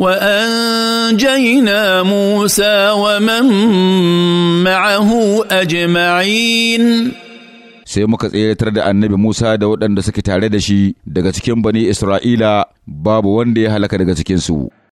وانجينا موسى ومن معه اجمعين sai muka tseratar da annabi Musa da waɗanda suke tare da shi daga cikin bani Isra'ila babu wanda ya halaka daga cikinsu.